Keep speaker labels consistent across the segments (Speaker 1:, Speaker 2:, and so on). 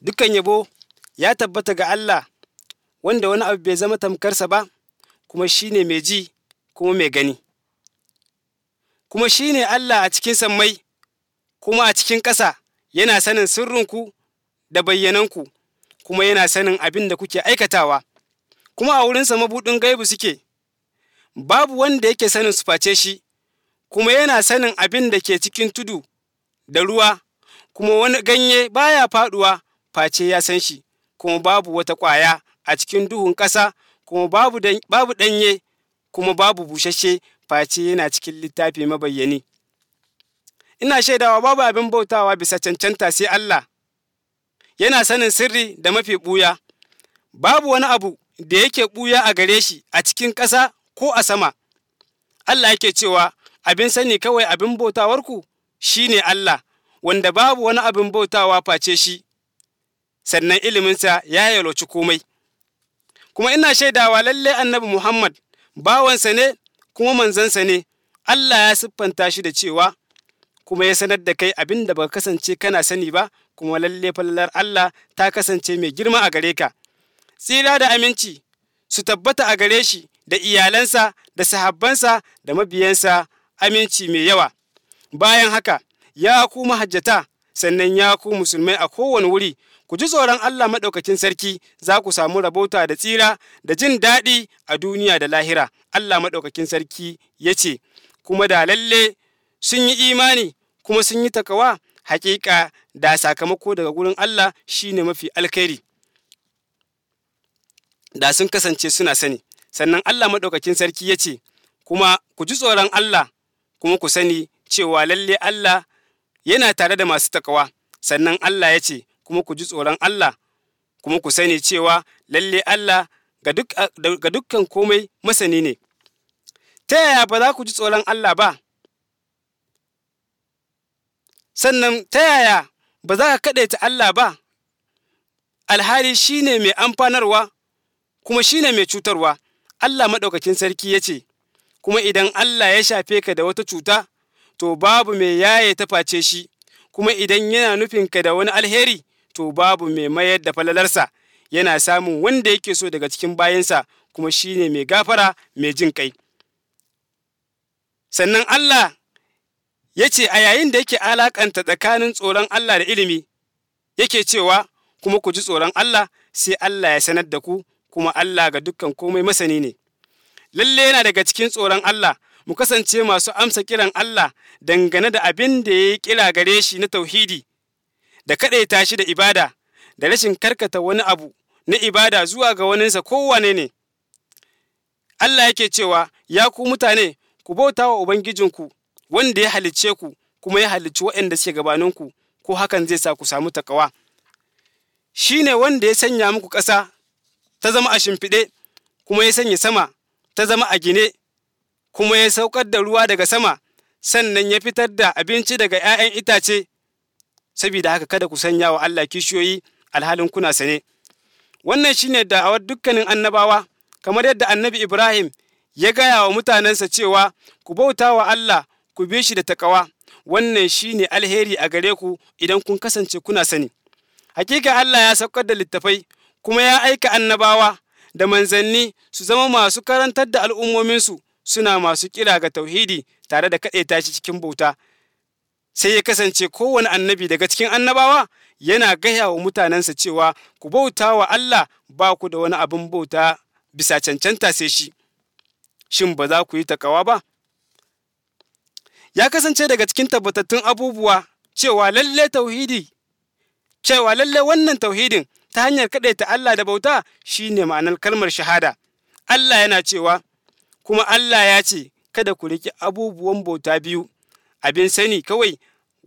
Speaker 1: Dukkan yabo ya tabbata ga Allah wanda wani abu bai zama tamkarsa ba, kuma shi ne mai ji kuma mai gani. Kuma shi ne Allah a cikin sammai, kuma a cikin ƙasa yana sanin sirrinku da bayyananku, kuma yana sanin abin da kuke aikatawa, kuma a wurinsa mabuɗin gaibu suke, babu wanda yake sanin su face shi, kuma yana sanin abin da ke cikin tudu da ruwa, kuma wani ganye baya faɗuwa face ya san shi, kuma babu wata ƙwaya a cikin duhun ƙasa, kuma babu ɗanye, kuma babu bushashe face yana cikin littafi mabayyani. Ina shaidawa babu abin bautawa bisa cancanta sai Allah, yana sanin sirri da mafi ɓuya, babu wani abu da yake ɓuya a gare shi a cikin ƙasa ko a sama. Allah yake cewa abin sani kawai abin bautawarku shi ne Allah, wanda babu wani abin bautawa face shi, sannan iliminsa ya yalwaci komai kuma ina shaidawa lalle annabi muhammad bawansa ne kuma manzansa ne allah ya siffanta shi da cewa kuma ya sanar da kai abin da baka kasance kana sani ba kuma lalle fallar allah ta kasance mai girma a gare ka tsira da aminci su tabbata a gare shi da iyalansa da sahabbansa da mabiyansa aminci mai yawa bayan haka ya ku mahajjata sannan ya ku musulmai a kowane wuri ku ji tsoron Allah maɗaukakin sarki za ku samu rabota da tsira da jin daɗi a duniya da lahira Allah maɗaukakin sarki ya ce kuma da lalle sun yi imani kuma sun yi takawa hakika da sakamako daga gurin Allah shi ne mafi alkhairi da sun kasance suna sani sannan Allah maɗaukakin sarki ya ce kuma ku ji tsoron Allah kuma ku sani cewa lalle Allah yana tare da masu takawa sannan Allah ya ce kuma ku ji tsoron Allah kuma ku sani cewa lalle Allah ga dukkan komai masani ne ta yaya ba za ku ji tsoron Allah ba sannan ta yaya ba za ka kaɗaita Allah ba alhali shi ne mai amfanarwa kuma shi ne mai cutarwa Allah maɗaukacin sarki ya ce kuma idan Allah ya shafe ka da wata cuta to babu mai yaye ta face shi kuma idan yana nufinka da wani alheri to babu mai mayar da falalarsa yana samun wanda yake so daga cikin bayansa kuma shi ne mai gafara mai jin kai sannan Allah ya ce a yayin da yake alakanta tsakanin tsoron Allah da ilimi yake cewa kuma ku ji tsoron Allah sai Allah ya sanar da ku kuma Allah ga dukkan komai masani ne lalle yana daga cikin tsoron Allah mu kasance masu amsa kiran Allah dangane da abin da ya yi kira gare shi na tauhidi da kaɗaita shi da ibada da rashin karkata wani abu na ibada zuwa ga waninsa kowane ne. Allah yake cewa, Ya ku mutane, ku bauta wa Ubangijinku wanda ya halicce ku kuma ya halicci waɗanda suke gabaninku, ko hakan zai sa ku samu takawa. Shi ne wanda ya sanya muku ƙasa ta zama a shimfiɗe, kuma ya sanya sama ta zama a gine, kuma ya saukar da ruwa daga sama, sannan ya fitar da abinci daga ‘ya'yan itace, saboda haka kada ku sanya wa Allah kishiyoyi alhalin kuna sane wannan shi shine da'awar dukkanin annabawa kamar yadda annabi Ibrahim ya gaya wa mutanensa cewa ku bauta wa Allah ku bi shi da takawa wannan shi ne alheri a gare ku idan kun kasance kuna sani hakika Allah ya saukar da littafai kuma ya aika annabawa da manzanni su zama masu karantar da al'ummominsu suna masu kira ga tauhidi tare da kaɗaita shi cikin bauta sai ya kasance kowane annabi daga cikin annabawa yana gaya wa mutanensa cewa ku bauta wa Allah ba ku da wani abin bauta bisa cancanta sai shi, shin ba za ku yi takawa ba? Ya kasance daga cikin tabbatattun abubuwa cewa lalle tauhidi, cewa lalle wannan tauhidin ta hanyar kaɗaita Allah da bauta shi ne ma'anar kalmar shahada. Allah yana cewa, kuma Allah ya ce, kada ku riƙe abubuwan bauta biyu, abin sani kawai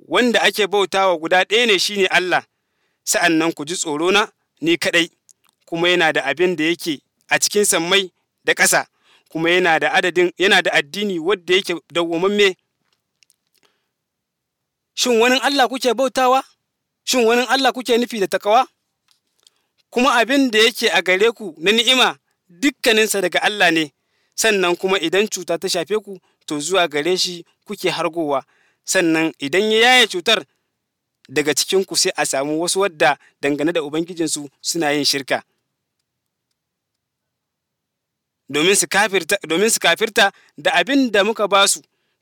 Speaker 1: wanda ake bautawa guda ɗaya ne shine Allah, sa'an nan ku ji tsorona ni kaɗai, kuma yana da abin da yake a cikin sammai da ƙasa, kuma yana da adadin yana da addini wadda yake dawwamamme. Shin wani Allah kuke bautawa? Shin wani Allah kuke nufi da takawa? Kuma abin da yake a gare ku na ni'ima dukkaninsa daga Allah ne, sannan kuma idan cuta ta shafe ku, to zuwa gare shi kuke hargowa. sannan idan ya yaye cutar daga cikinku sai a samu wasu wadda dangane da Ubangijinsu suna yin shirka. Domin su kafirta da abin da muka ba su,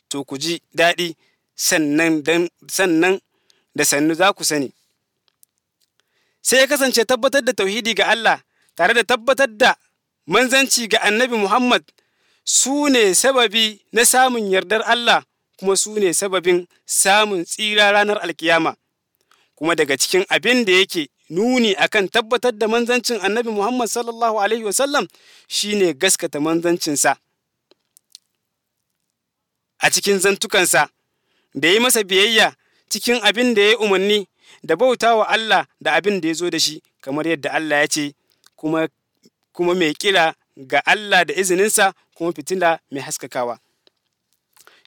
Speaker 1: to ku ji daɗi sannan da sannu za ku sani. Sai ya kasance tabbatar da tauhidi ga Allah tare da tabbatar da manzanci ga annabi Muhammad su ne sababi na samun yardar Allah kuma su ne sababin samun tsira ranar alkiyama. Kuma daga cikin abin da yake nuni akan tabbatar da manzancin annabi Muhammad sallallahu Alaihi wasallam shi ne gaskata manzancinsa. A cikin zantukansa, da yi masa biyayya cikin abin da ya umarni da bauta wa Allah da abin da ya zo da shi, kamar yadda Allah ya ce, kuma, kuma mai kira ga Allah da izininsa kuma fitila mai haskakawa.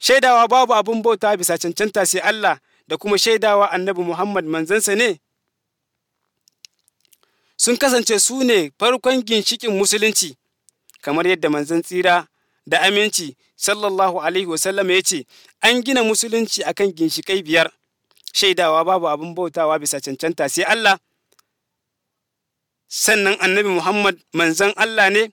Speaker 1: shaidawa babu abin bauta bisa cancanta sai Allah da kuma shaidawa annabi Muhammad manzansa ne? Sun kasance su ne farkon ginshikin musulunci, kamar yadda manzan tsira da aminci sallallahu Alaihi wasallam ya ce, an gina musulunci akan ginshikai biyar, shaidawa babu abin bautawa bisa cancanta sai Allah. Sannan annabi Muhammad manzan Allah ne,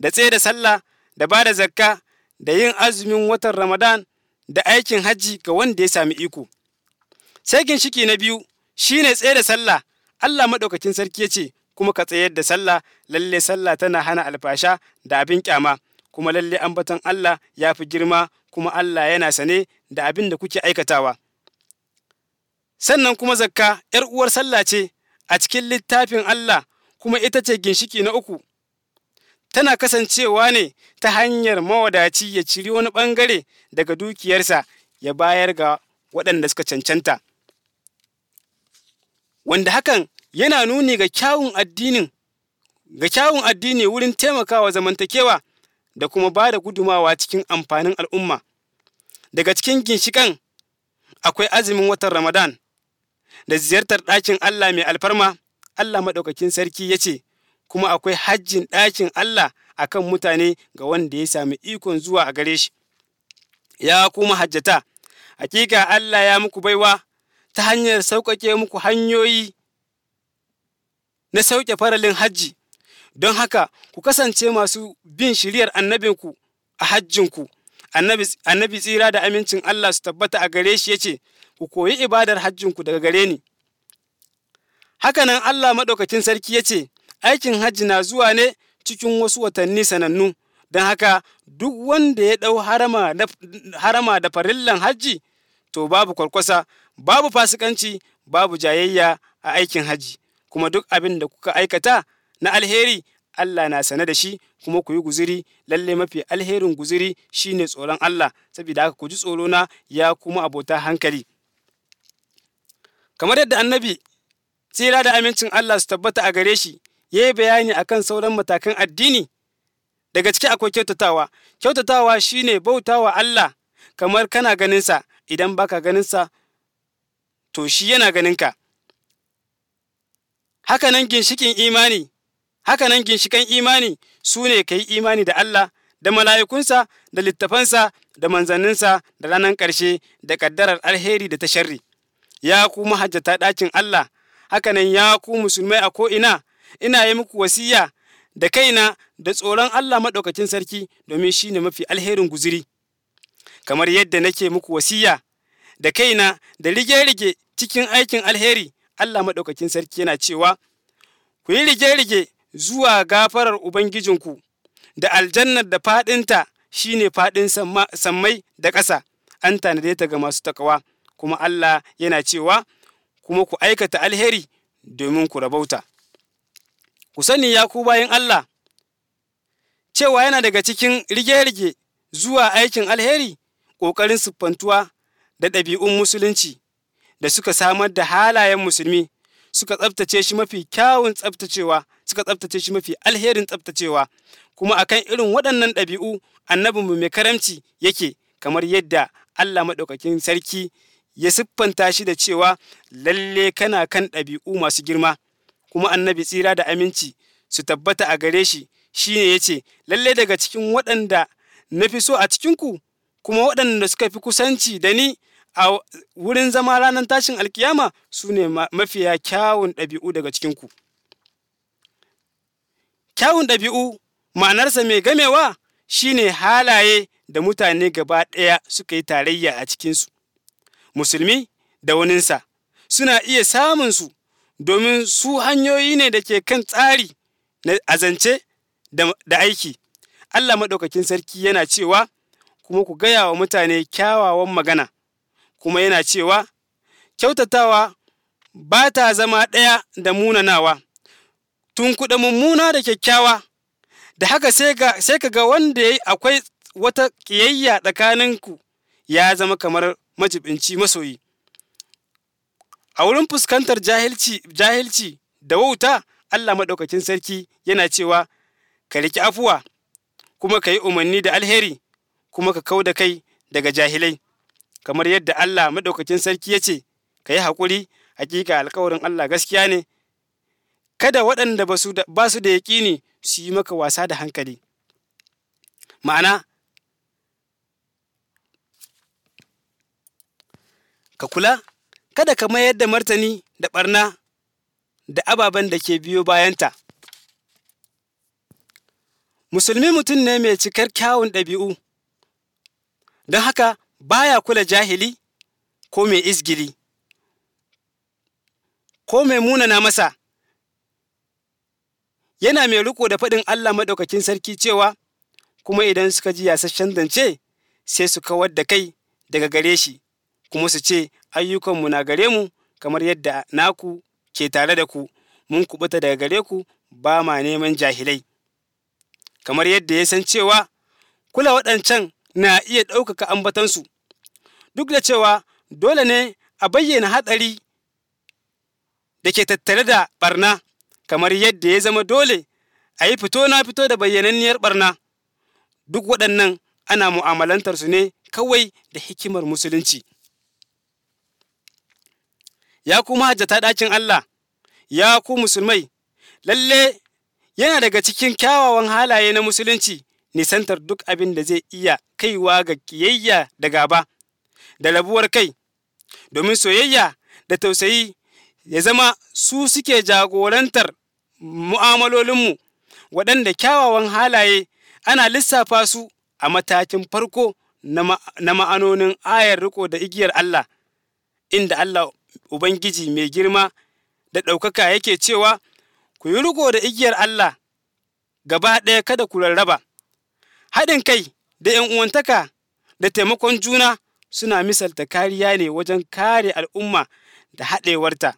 Speaker 1: da tsaye da sallah, da ba da zakka, da yin azumin watan Ramadan da aikin hajji ga wanda ya sami iko. Sai ginshiki na biyu shine tsaye da sallah. Allah maɗaukacin sarki ya ce kuma ka tsayar da sallah lalle sallah tana hana alfasha da abin kyama kuma lalle ambaton Allah ya fi girma kuma Allah yana sane da abin da kuke aikatawa. Sannan kuma zakka ‘yar uwar sallah ce a cikin littafin Allah kuma ita ce ginshiki na uku tana kasancewa ne ta hanyar mawadaci ya ciri wani ɓangare daga dukiyarsa ya bayar ga waɗanda suka cancanta. Wanda hakan yana nuni ga kyawun addinin ga kyawun addini wurin taimakawa zamantakewa da kuma ba da gudumawa cikin amfanin al'umma. Daga cikin ginshiƙan akwai azumin watan Ramadan da ziyartar ɗakin Allah mai alfarma, Allah maɗaukakin sarki ya ce, kuma akwai hajjin ɗakin Allah a kan mutane ga wanda ya sami ikon zuwa a gare shi. Ya kuma hajjata, hakika Allah ya muku baiwa ta hanyar sauƙaƙe muku hanyoyi na sauƙe faralin hajji, don haka ku kasance masu bin shiriyar annabinku a hajjinku. Annabi tsira da amincin Allah su tabbata a gare shi ya ce, Ku koyi ibadar hajjinku daga gare ni. Hakanan Allah maɗaukacin sarki ya ce, aikin hajji na zuwa ne cikin wasu watanni sanannu don haka duk wanda ya ɗau harama da farillan hajji to babu kwarkwasa babu fasikanci babu jayayya a aikin hajji kuma duk abin da kuka aikata na alheri Allah na sane da shi kuma ku yi guziri lalle mafi alherin guziri shine tsoron Allah saboda haka ku ji tsoro na ya kuma abota hankali kamar yadda annabi tsira da amincin Allah su tabbata a gare shi ya yi bayani akan sauran matakan addini daga ciki akwai kyautatawa kyautatawa shine bautawa Allah kamar kana ganinsa idan baka ganinsa to shi yana ganinka hakanan ginshikin imani hakanan ginshikan imani su ne ka yi imani da Allah da mala'ikunsa da littafansa da manzanninsa da ranar ƙarshe da ƙaddarar alheri da ta sharri ya ku mahajjata ɗakin Allah hakanan ya ku musulmai a ko'ina ina yi muku wasiya da kaina da tsoron Allah maɗaukakin sarki domin shi ne mafi alherin guziri, kamar yadda nake muku wasiya da kaina da rige-rige cikin aikin alheri Allah maɗaukakin sarki yana cewa, Ku yi rige-rige zuwa gafarar Ubangijinku da aljannar da faɗinta shi ne faɗin sammai da ƙasa, an tanade ta ga masu takawa, kuma Allah yana cewa, kuma ku aikata alheri domin ku rabauta. ku sani ya ku bayin Allah, cewa yana daga cikin rige-rige zuwa aikin alheri ƙoƙarin siffantuwa da ɗabi'un musulunci da suka samar da halayen musulmi suka tsabtace shi mafi kyawun tsabtacewa suka tsabtace shi mafi alherin tsabtacewa kuma akan irin waɗannan ɗabi'u mu mai karamci yake kamar yadda Allah maɗaukakin sarki ya siffanta shi da cewa lalle kana kan ɗabi'u masu girma kuma annabi tsira da aminci su tabbata a gare shi shine ya ce lallai daga cikin waɗanda na fi so a cikinku kuma waɗanda suka fi kusanci da ni a wurin zama ranar tashin alkiyama su ne mafiya kyawun ɗabi'u daga cikinku kyawun ɗabi'u ma'anarsa mai gamewa shine halaye da mutane gaba ɗaya suka yi tarayya a cikinsu musulmi da waninsa suna iya samunsu domin su hanyoyi ne da ke kan tsari a zance da aiki. Allah maɗaukakin sarki yana cewa, kuma ku gaya wa mutane kyawawan magana, kuma yana cewa, kyautatawa ba ta zama ɗaya da munanawa, tun kuɗa mummuna da kyakkyawa, da haka sai ka ga wanda ya akwai wata ƙiyayya tsakaninku ya zama kamar majibinci masoyi. A wurin fuskantar jahilci, da wauta, Allah Maɗaukacin sarki yana cewa, Ka riƙi afuwa, kuma ka yi umarni da alheri, kuma ka kau da kai daga jahilai. Kamar yadda Allah Maɗaukacin sarki ya ce, Ka yi haƙuri, hakika alkawarin Allah gaskiya ne. Kada waɗanda ba su da yaƙini su yi maka wasa da hankali. Ma'ana, ka kula kada ka mayar da martani da ɓarna da ababen da ke biyo bayanta. Musulmi mutum ne mai cikar kyawun ɗabi'u, don haka baya kula jahili ko mai izgiri ko mai munana masa, yana mai riko da faɗin Allah maɗaukakin sarki cewa, kuma idan suka ji yasasshen zance sai su kawar da kai daga gare shi. kuma su ce ayyukanmu na gare mu kamar yadda naku ke tare da ku mun kubuta daga gare ku ba ma neman jahilai kamar yadda ya san cewa kula waɗancan na iya ɗaukaka ambatansu duk da cewa dole ne a bayyana hatsari da ke tattare da barna kamar yadda ya zama dole a yi fito na fito da bayyananniyar barna duk waɗannan ana mu'amalantarsu ne kawai da hikimar musulunci ya kuma hajjata ɗakin Allah, ya ku musulmai, lalle yana daga cikin kyawawan halaye na musulunci nisantar duk abin da zai iya kaiwa ga kiyayya da gaba, da rabuwar kai, domin soyayya da tausayi ya zama su suke jagorantar mu'amalolinmu, waɗanda kyawawan halaye ana lissafa su a matakin farko na ma'anonin ayar riko da igiyar Allah, inda Allah Ubangiji mai girma da ɗaukaka yake cewa, Ku yi riko da igiyar Allah gaba ɗaya kada ku rarraba, haɗin kai da ‘yan uwantaka da taimakon juna suna misalta kariya ne wajen kare al'umma da haɗewarta.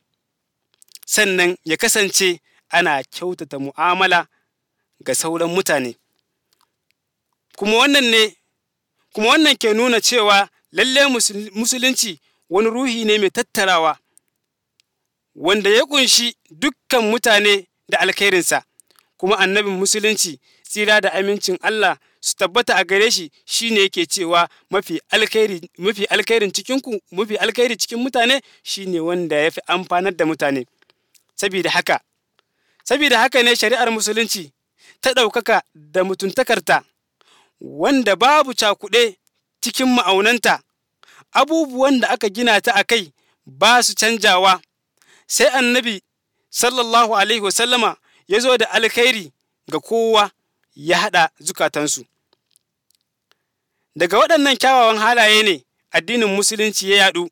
Speaker 1: Sannan ya kasance ana kyautata mu'amala ga sauran mutane. Kuma wannan ne, kuma wannan ke nuna cewa lallai musulunci wani ruhi ne mai tattarawa, wanda ya ƙunshi dukkan mutane da alkhairinsa, kuma annabin musulunci tsira da amincin Allah su tabbata a gare shi shi ne yake cewa mafi alkhairin cikinku mafi alkhairi cikin mutane shine wanda ya fi amfanar da mutane. Sabida haka, sabida haka ne shari'ar musulunci ta ɗaukaka da mutuntakarta, wanda babu cakuɗe cikin ma'aunanta, abubuwan da aka gina ta a kai ba su canjawa sai annabi sallallahu alaihi wasallama ya zo da alkhairi ga kowa ya haɗa zukatansu daga waɗannan kyawawan halaye ne addinin musulunci ya yaɗu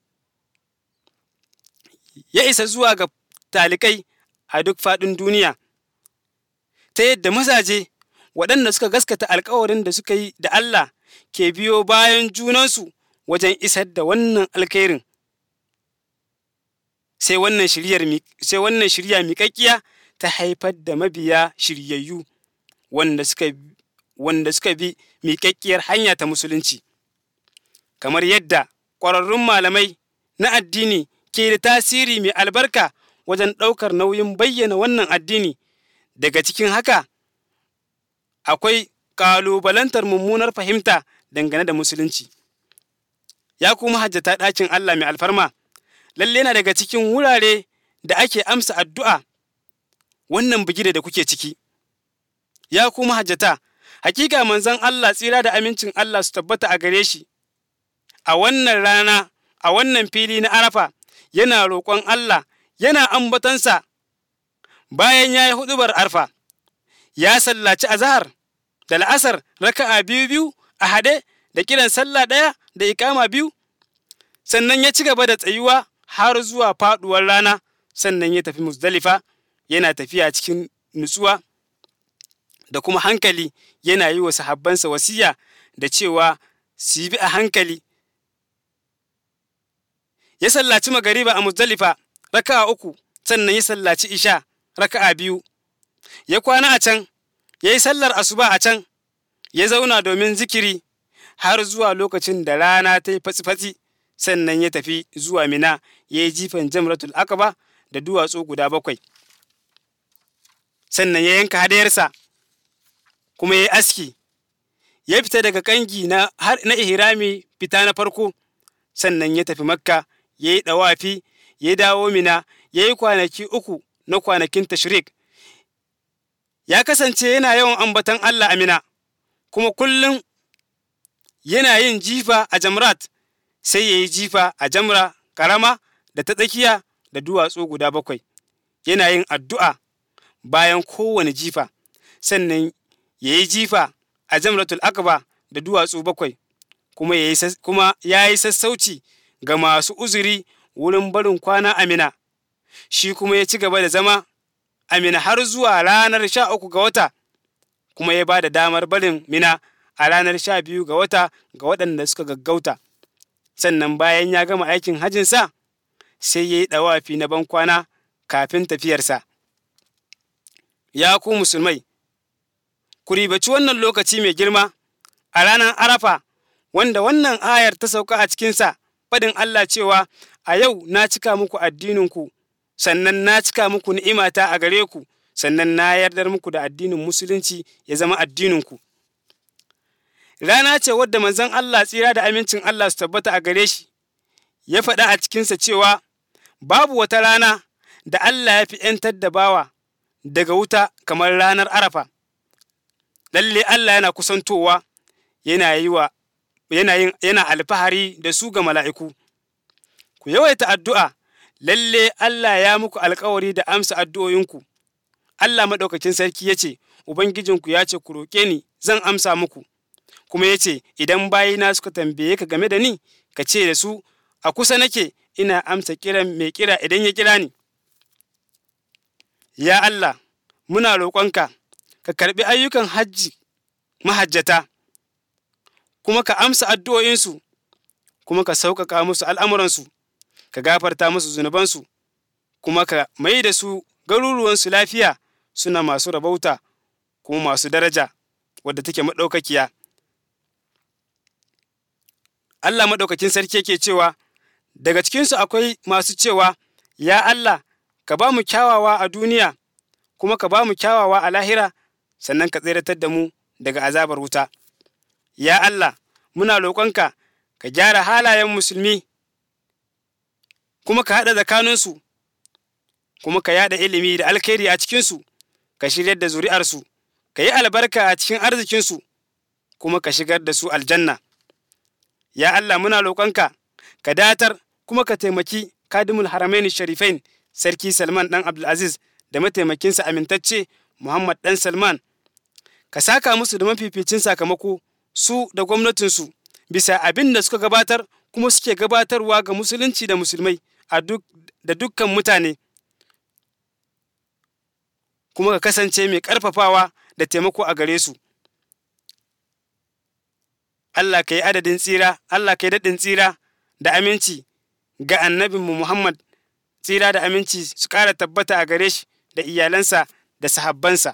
Speaker 1: ya isa zuwa ga talikai a duk faɗin duniya ta yadda mazaje waɗanda suka gaskata alkawarin da suka yi da Allah ke biyo bayan junansu wajen isar da wannan alkhairin sai wannan shirya miƙaƙƙiya ta haifar da mabiya shiryayyu wanda suka wanda suka bi miƙaƙƙiyar hanya ta musulunci kamar yadda ƙwararrun malamai na addini ke da tasiri mai albarka wajen ɗaukar nauyin bayyana wannan addini daga cikin haka akwai ƙalubalantar mummunar fahimta dangane da musulunci ya kuma hajjata ɗakin Allah mai alfarma lalle yana daga cikin wurare da ake amsa addu'a wannan bigire da kuke ciki ya kuma hajjata hakika manzon Allah tsira da amincin Allah su tabbata a gare shi a wannan rana a wannan fili na Arafa yana roƙon Allah yana ambatansa bayan ya yi hudubar Arfa ya sallaci azahar da la'asar raka'a biyu biyu a hade da kiran sallah ɗaya da ikama biyu sannan ya ci gaba da tsayuwa har zuwa faɗuwar rana sannan ya tafi musdalifa yana tafiya cikin nutsuwa da kuma hankali yana yi wa sahabbansa wasiya da cewa su bi a hankali ya sallaci magariba a musdalifa raka'a uku sannan ya sallaci isha raka'a biyu ya kwana a can ya yi sallar asuba a can ya zauna domin zikiri har zuwa lokacin da rana ta yi fatsi-fatsi sannan ya tafi zuwa mina ya yi jifan jamratul akaba da duwatsu guda bakwai sannan ya yanka hadayarsa kuma ya yi aski ya fita daga kangi na har ihrami fita na farko sannan ya tafi makka ya yi dawafi ya dawo mina ya yi kwanaki uku na kwanakin tashrik ya kasance yana yawan ambatan allah a Minna kuma kullum yana yin jifa a jamrat sai ya yi jifa a jamra karama da ta tsakiya da duwatsu guda bakwai yana yin addu'a bayan kowane jifa sannan ya yi jifa a jamratul akaba da duwatsu bakwai kuma ya yi sassauci ga masu uzuri wurin barin kwana amina shi kuma ya ci gaba da zama amina har zuwa ranar sha uku ga wata kuma ya ba da damar barin mina a ranar sha biyu ga wata ga waɗanda suka gaggauta. Sannan bayan ya gama aikin hajinsa, sai ya yi ɗawafi na bankwana kafin tafiyarsa. Ya ku musulmai, ku ribaci wannan lokaci mai girma a ranar Arafa, wanda wannan ayar ta sauka a cikinsa, faɗin Allah cewa, A yau na cika muku addininku, sannan na cika muku ni'imata a gare ku, sannan na yardar muku da addinin musulunci ya zama addininku. rana ce wadda manzon Allah tsira da amincin Allah su tabbata a gare shi ya faɗa a cikinsa cewa babu wata rana da Allah ya fi ‘yantar da bawa daga wuta kamar ranar Arafa, lalle Allah yana kusantowa yana yin yana alfahari da su ga mala'iku. Ku yawaita addu'a, lalle Allah ya muku alkawari da amsa addu'o'inku. Allah maɗaukacin sarki ya ce, Ubangijinku ya ce, Ku roƙe ni, zan amsa muku. kuma ya ce, Idan bayina suka tambaye ka game da ni, ka ce da su, A kusa nake ina amsa kiran mai kira idan ya kira ni. Ya Allah, muna roƙonka, ka karɓi ayyukan hajji mahajjata, kuma ka amsa addu'o'insu, kuma ka sauƙaƙa musu al'amuransu, ka gafarta musu zunubansu, kuma ka mai da su garuruwansu lafiya suna masu rabauta kuma masu daraja wadda take maɗaukakiya. Allah maɗaukakin sarki yake cewa, Daga cikinsu akwai masu cewa, Ya Allah, ka ba mu kyawawa a duniya, kuma ka ba mu kyawawa a lahira, sannan ka tseratar da mu daga azabar wuta. Ya Allah, muna roƙonka, ka gyara halayen musulmi, kuma ka haɗa tsakaninsu, kuma ka yaɗa ilimi da alkhairi a cikinsu, ka shiryar da zuri'arsu, ka yi albarka a cikin arzikinsu, kuma ka shigar da su aljanna. ya Allah muna roƙonka ka datar kuma ka taimaki kadimul haramain sharifain sarki Salman dan abdul aziz da mataimakinsa amintacce Muhammad dan Salman ka saka musu da mafificin sakamako su da gwamnatinsu bisa abin da suka gabatar kuma suke gabatarwa ga musulunci da musulmai da dukkan mutane kuma ka kasance mai ƙarfafawa da taimako a gare su Allah ka yi adadin tsira, Allah ka yi daɗin tsira da aminci ga annabin mu Muhammad, tsira da aminci su ƙara tabbata a gare shi da iyalansa da sahabbansa.